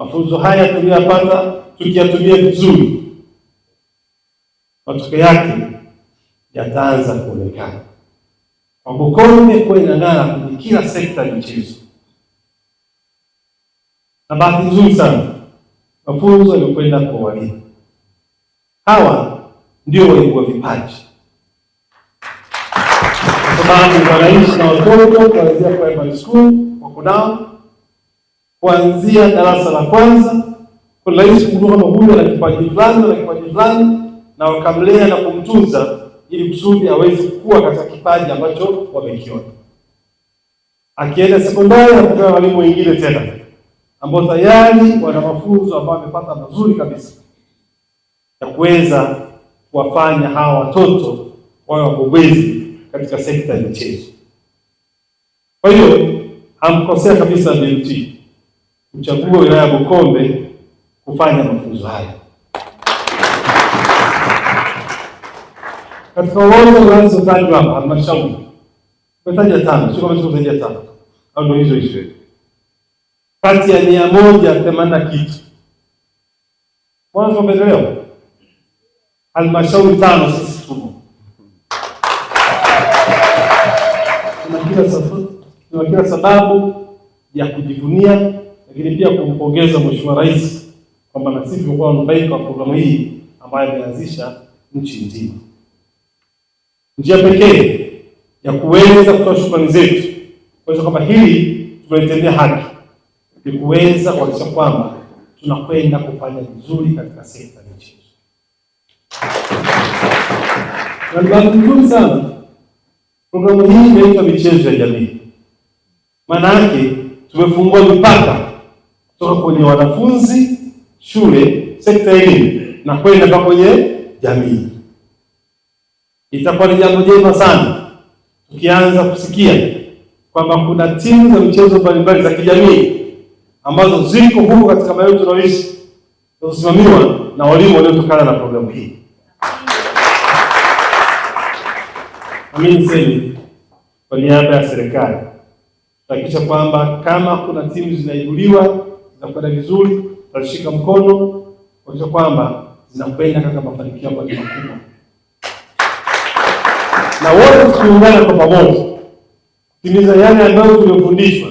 Mafunzo haya tuliyopata, tukiyatumia vizuri, matokeo yake yataanza kuonekana kwamba Ukonde inangana inang'ara kwenye kila sekta ya michezo, na bahati nzuri sana mafunzo yamekwenda kwa walimu. Hawa ndio walikuwa vipaji kwa sababu wanaishi na watoto kuanzia primary school wako nao kuanzia darasa la kwanza. Kuna rahisi kujua kama huyu ana kipaji fulani na kipaji fulani, na wakamlea na kumtunza ili kusudi aweze kukua katika kipaji ambacho wamekiona. Akienda sekondari anakutana na walimu wengine tena ambao tayari wana mafunzo ambao wamepata mazuri kabisa ya kuweza kuwafanya hawa watoto wawe wabobezi katika sekta ya michezo. Kwa hiyo hamkosea kabisa mtii mchaguo wa wilaya ya Bukombe kufanya mafunzo hayo. Katika wote unazotajwa hapa halmashauri umetaja tano, sio kama zaidi ya tano au ndio hizo hizo kati ya mia moja themanini na kitu mwanzo umeelewa. Halmashauri tano sisi tumo tuna kila sababu ya kujivunia lakini pia kumpongeza Mheshimiwa Rais kwamba na sisi tumekuwa wanufaika wa programu hii ambayo imeanzisha nchi nzima. Njia pekee ya kuweza kutoa shukrani zetu kuonyesha kwamba hili tumelitendea haki ni kuweza kuhakikisha kwamba tunakwenda kufanya vizuri katika sekta ya michezo. Na ndugu mzuri sana, programu hii inaitwa michezo ya jamii, maana yake tumefungua mipaka kutoka kwenye wanafunzi, shule, sekta ya elimu na kwenda mpaka kwenye jamii. Itakuwa ni jambo jema sana tukianza kusikia kwamba kuna timu za michezo mbalimbali za kijamii ambazo ziko huko katika maeneo tunaoishi zinazosimamiwa na walimu waliotokana na programu hii. Mimi niseme kwa niaba ya serikali kuhakikisha kwamba kama kuna timu zinaibuliwa zinakwenda vizuri, tutashika mkono kuonyesha kwamba zinakwenda katika mafanikio yako makubwa, na wote tukiungana kwa pamoja timiza yale ambayo tuliofundishwa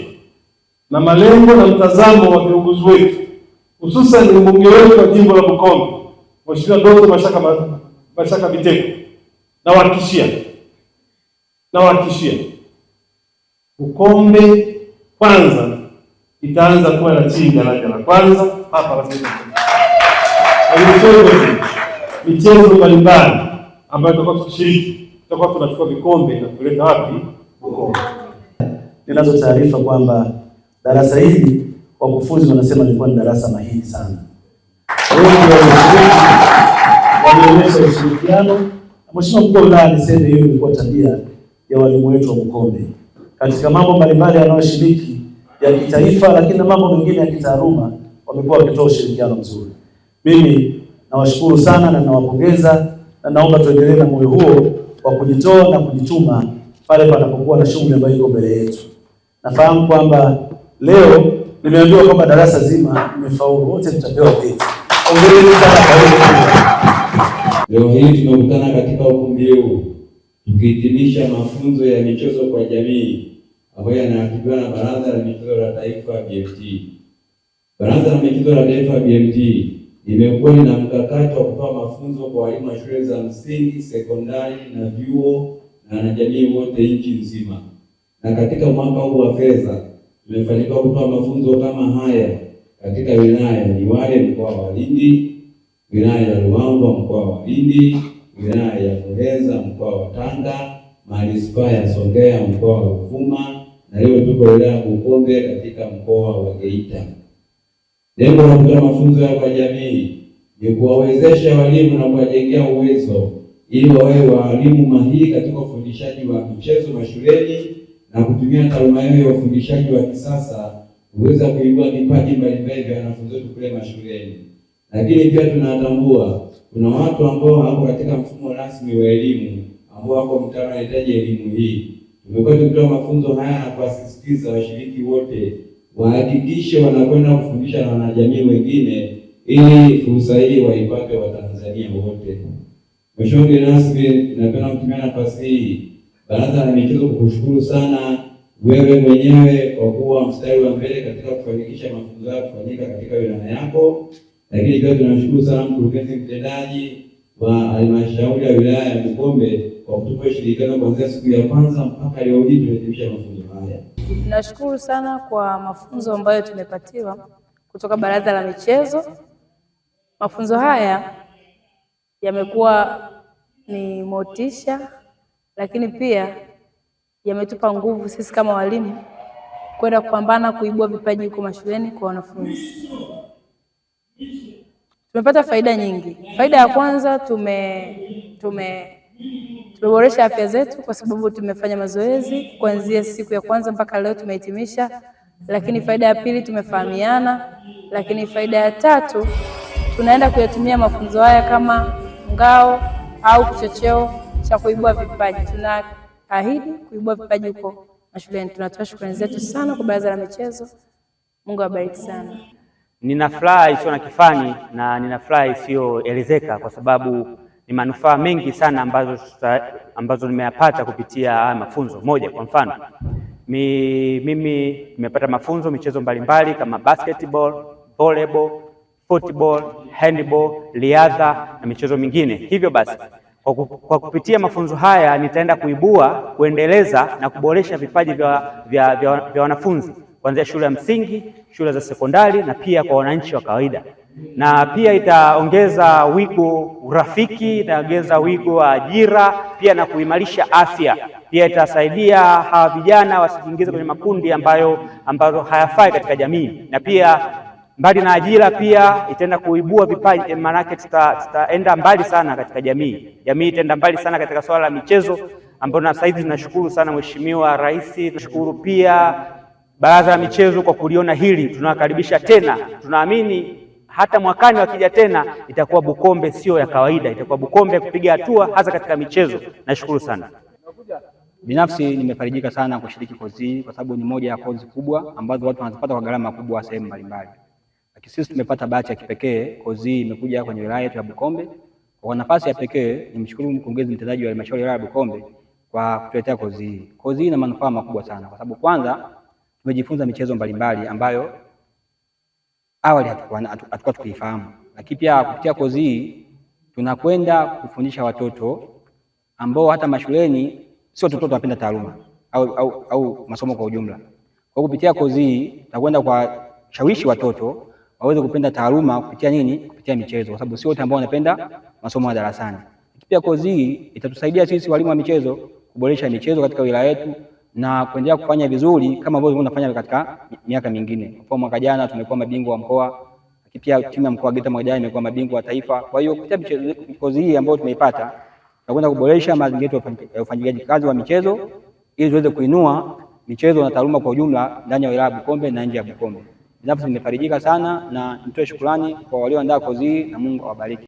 na malengo na mtazamo wa viongozi wetu, hususan ni mbunge wetu wa jimbo la Bukombe Mheshimiwa Doto Mashaka Mashaka Biteko, nawahakikishia nawahakikishia Bukombe kwanza itaanza kuwa na chini daraja la kwanza hapa rasmi. michezo mbalimbali ambayo tutakuwa tukishiriki, tutakuwa tunachukua vikombe na kuleta wapi Bukombe. Ninazo taarifa kwamba darasa hili wakufunzi wanasema lilikuwa ni darasa mahiri sana, wameonyesha ushirikiano. Mheshimiwa mkuu wa wilaya alisema hiyo ilikuwa tabia ya walimu wetu wa Bukombe katika mambo mbalimbali yanayoshiriki ya kitaifa, lakini na mambo mengine ya kitaaluma wamekuwa wakitoa ushirikiano mzuri. Mimi nawashukuru sana na nawapongeza na naomba tuendelee na moyo huo wa kujitoa na kujituma pale panapokuwa na shughuli ambayo iko mbele yetu. Nafahamu kwamba leo nimeambiwa kwamba darasa zima imefaulu wote mtapewa vyeti. Hongereni sana kwa hiyo. Leo hii tumekutana katika ukumbi huu tukihitimisha mafunzo ya michezo kwa jamii ambayo yanaandaliwa na Baraza la Michezo la Taifa BMT. Baraza la Michezo la Taifa BMT limekuwa lina mkakati wa kutoa mafunzo kwa walimu wa shule za msingi, sekondari na vyuo na wanajamii wote nchi nzima, na katika mwaka huu wa fedha tumefanikiwa kutoa mafunzo kama haya katika wilaya ya Liwale mkoa wa Lindi, wilaya ya Ruangwa mkoa wa Lindi, wilaya ya Muheza mkoa wa Tanga, manispaa ya Songea mkoa wa Ruvuma na hiyo tuko wilaya ya Bukombe katika mkoa wa Geita. Lengo la kutoa mafunzo ya kwa jamii ni kuwawezesha walimu na kuwajengea uwezo ili wawe walimu mahiri katika ufundishaji wa michezo mashuleni na kutumia taaluma yao ya ufundishaji wa kisasa kuweza kuibua vipaji mbalimbali vya wanafunzi wetu kule mashuleni. Lakini pia tunatambua kuna watu ambao wako katika mfumo rasmi wa elimu ambao wako mtaani wanahitaji elimu hii Tumekuwa tukitoa mafunzo haya na kuwasisitiza washiriki wote wahakikishe wanakwenda kufundisha na wanajamii wengine ili fursa hii waipate Watanzania wote. Mheshimiwa mgeni rasmi, napenda kutumia nafasi hii baraza la michezo kukushukuru sana wewe mwenyewe kwa kuwa mstari wa mbele katika kufanikisha mafunzo hayo kufanyika katika wilaya yako, lakini pia tunamshukuru sana mkurugenzi mtendaji wa halmashauri ya wilaya ya Bukombe kwa kutupa ushirikiano kuanzia siku ya kwanza mpaka leo hii tunaadhimisha mafunzo haya. Tunashukuru sana kwa mafunzo ambayo tumepatiwa kutoka baraza la michezo. Mafunzo haya yamekuwa ni motisha, lakini pia yametupa nguvu sisi kama walimu kwenda kupambana kuibua vipaji huko mashuleni kwa wanafunzi. Tumepata faida nyingi. Faida ya kwanza tume tume tumeboresha afya zetu kwa sababu tumefanya mazoezi kuanzia siku ya kwanza mpaka leo tumehitimisha. Lakini faida ya pili tumefahamiana. Lakini faida ya tatu tunaenda kuyatumia mafunzo haya kama ngao au kichocheo cha kuibua vipaji. Tunaahidi kuibua vipaji huko mashuleni. Tunatoa shukrani zetu sana kwa Baraza la Michezo. Mungu awabariki sana. Nina furaha isiyo na kifani na nina furaha isiyoelezeka kwa sababu ni manufaa mengi sana ambazo, ambazo nimeyapata kupitia haya mafunzo. Moja, kwa mfano mi, mimi nimepata mafunzo michezo mbalimbali kama basketball, volleyball, football, handball, riadha na michezo mingine. Hivyo basi kwa kupitia mafunzo haya nitaenda kuibua, kuendeleza na kuboresha vipaji vya, vya, vya, vya wanafunzi kuanzia shule ya msingi, shule za sekondari na pia kwa wananchi wa kawaida, na pia itaongeza wigo urafiki, itaongeza wigo wa ajira pia na kuimarisha afya. Pia itasaidia hawa vijana wasijiingize kwenye makundi ambayo ambayo hayafai katika jamii, na pia mbali na ajira pia itaenda kuibua vipaji, eh, maanake tutaenda mbali sana katika jamii. Jamii itaenda mbali sana katika swala la michezo ambayo na sasa tunashukuru sana Mheshimiwa Rais, tunashukuru pia Baraza la Michezo kwa kuliona hili, tunawakaribisha tena. Tunaamini hata mwakani wakija tena itakuwa Bukombe sio ya kawaida, itakuwa Bukombe ya kupiga hatua hasa katika michezo. Nashukuru sana. Binafsi nimefarijika sana kushiriki kozi hii kwa sababu ni moja ya kozi kubwa ambazo watu wanazipata kwa gharama kubwa sehemu mbalimbali, lakini sisi tumepata bahati ya kipekee, kozi hii imekuja kwenye wilaya yetu ya Bukombe. Kwa nafasi ya pekee nimshukuru mkurugenzi mtendaji wa halmashauri ya Bukombe kwa kutuletea kozi hii. Kozi hii ina manufaa makubwa sana kwa sababu kwanza tumejifunza michezo mbalimbali ambayo awali hatukuwa tukiifahamu, lakini pia kupitia kozi hii tunakwenda kufundisha watoto ambao hata mashuleni sio watoto wanapenda taaluma au, au, au masomo kwa ujumla. Kwa kupitia kozi hii tutakwenda kuwashawishi watoto waweze kupenda taaluma kupitia nini? Kupitia michezo, kwa sababu sio wote ambao wanapenda masomo ya darasani. Pia kozi hii itatusaidia sisi walimu wa michezo kuboresha michezo katika wilaya yetu na kuendelea kufanya vizuri kama ambavyo tunafanya katika miaka mingine. Kwa mwaka jana tumekuwa mabingwa wa mkoa, lakini pia timu ya mkoa wa Geita mwaka jana imekuwa mabingwa wa taifa. Kwa hiyo kupitia kozi hii ambayo tumeipata na kwenda kuboresha mazingira yetu ya ufanyaji kazi wa michezo ili tuweze kuinua michezo na taaluma kwa ujumla ndani ya wilaya Bukombe na nje ya Bukombe. Binafsi nimefarijika sana na nitoe shukrani kwa walioandaa kozi hii na Mungu awabariki.